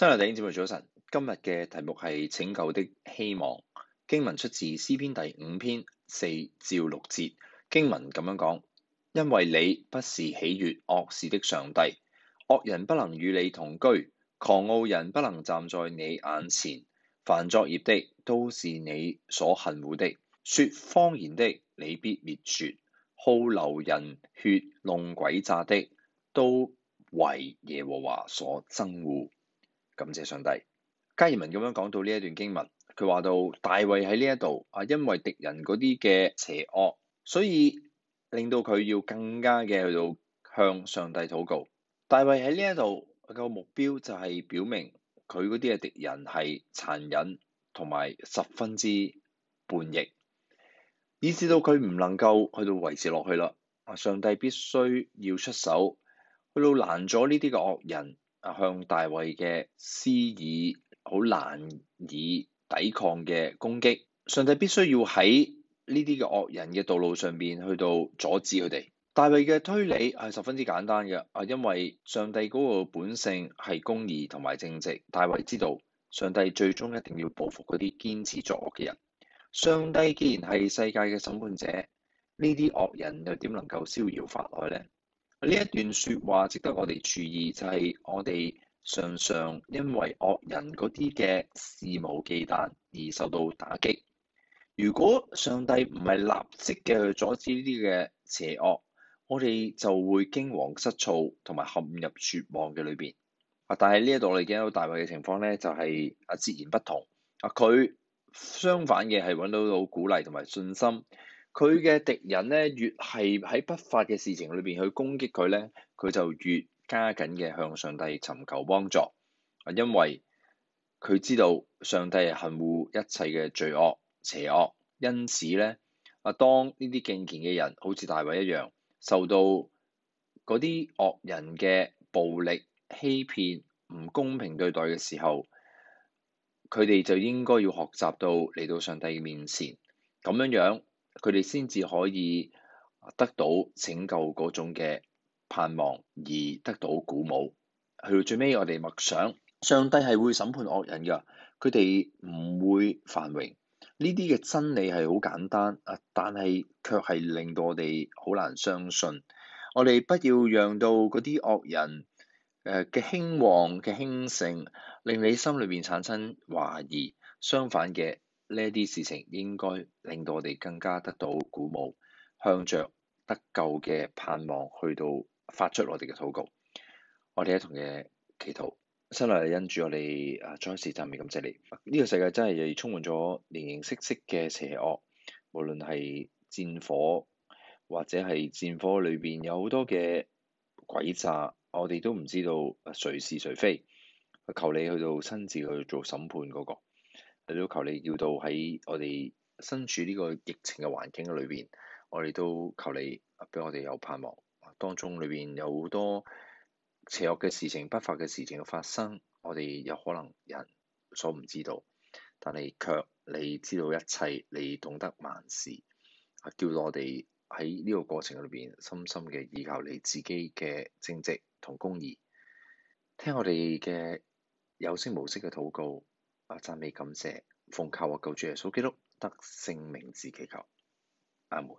親愛的弟兄姊妹，早晨，今日嘅題目係拯救的希望。經文出自詩篇第五篇四至六節。經文咁樣講：因為你不是喜悅惡事的上帝，惡人不能與你同居，狂傲人不能站在你眼前。犯作孽的都是你所恨惡的，說謊言的你必滅絕，好流人血弄鬼詐的都為耶和華所憎惡。感謝上帝，加爾文咁樣講到呢一段經文，佢話到大衛喺呢一度啊，因為敵人嗰啲嘅邪惡，所以令到佢要更加嘅去到向上帝禱告。大衛喺呢一度個目標就係表明佢嗰啲嘅敵人係殘忍同埋十分之叛逆，以至到佢唔能夠去到維持落去啦。啊，上帝必須要出手去到攔阻呢啲嘅惡人。向大衛嘅施以好難以抵抗嘅攻擊，上帝必須要喺呢啲嘅惡人嘅道路上邊去到阻止佢哋。大衛嘅推理係十分之簡單嘅，啊，因為上帝嗰個本性係公義同埋正直，大衛知道上帝最終一定要報復嗰啲堅持作惡嘅人。上帝既然係世界嘅審判者，呢啲惡人又點能夠逍遙法外咧？呢一段説話值得我哋注意，就係我哋常常因為惡人嗰啲嘅肆無忌憚而受到打擊。如果上帝唔係立即嘅去阻止呢啲嘅邪惡，我哋就會驚惶失措同埋陷入絕望嘅裏邊。啊！但係呢一度我哋見到大衛嘅情況咧，就係啊截然不同。啊，佢相反嘅係搵到到鼓勵同埋信心。佢嘅敵人呢，越係喺不法嘅事情裏邊去攻擊佢呢，佢就越加緊嘅向上帝尋求幫助。因為佢知道上帝係恨惡一切嘅罪惡邪惡，因此呢，啊，當呢啲敬虔嘅人好似大衛一樣受到嗰啲惡人嘅暴力欺騙、唔公平對待嘅時候，佢哋就應該要學習到嚟到上帝嘅面前，咁樣樣。佢哋先至可以得到拯救嗰種嘅盼望，而得到鼓舞。去到最尾，我哋默想，上帝係會審判惡人㗎，佢哋唔會繁榮。呢啲嘅真理係好簡單啊，但係卻係令到我哋好難相信。我哋不要讓到嗰啲惡人誒嘅興旺嘅興盛，令你心裏面產生懷疑。相反嘅。呢啲事情應該令到我哋更加得到鼓舞，向着得救嘅盼望去到發出我哋嘅禱告。我哋一同嘅祈禱，神啊，恩主，我哋再一次讚美感謝你。呢、這個世界真係充滿咗形形色色嘅邪惡，無論係戰火或者係戰火裏邊有好多嘅詭詐，我哋都唔知道誰是誰非。求你去到親自去做審判嗰、那個。你都求你叫到喺我哋身處呢個疫情嘅環境裏邊，我哋都求你俾我哋有盼望。當中裏邊有好多邪惡嘅事情、不法嘅事情嘅發生，我哋有可能人所唔知道，但係卻你知道一切，你懂得萬事。啊，叫到我哋喺呢個過程裏邊深深嘅依靠你自己嘅正直同公義，聽我哋嘅有聲無息嘅禱告。啊！讚美感謝奉靠我救主耶穌基督得勝名字祈求阿門。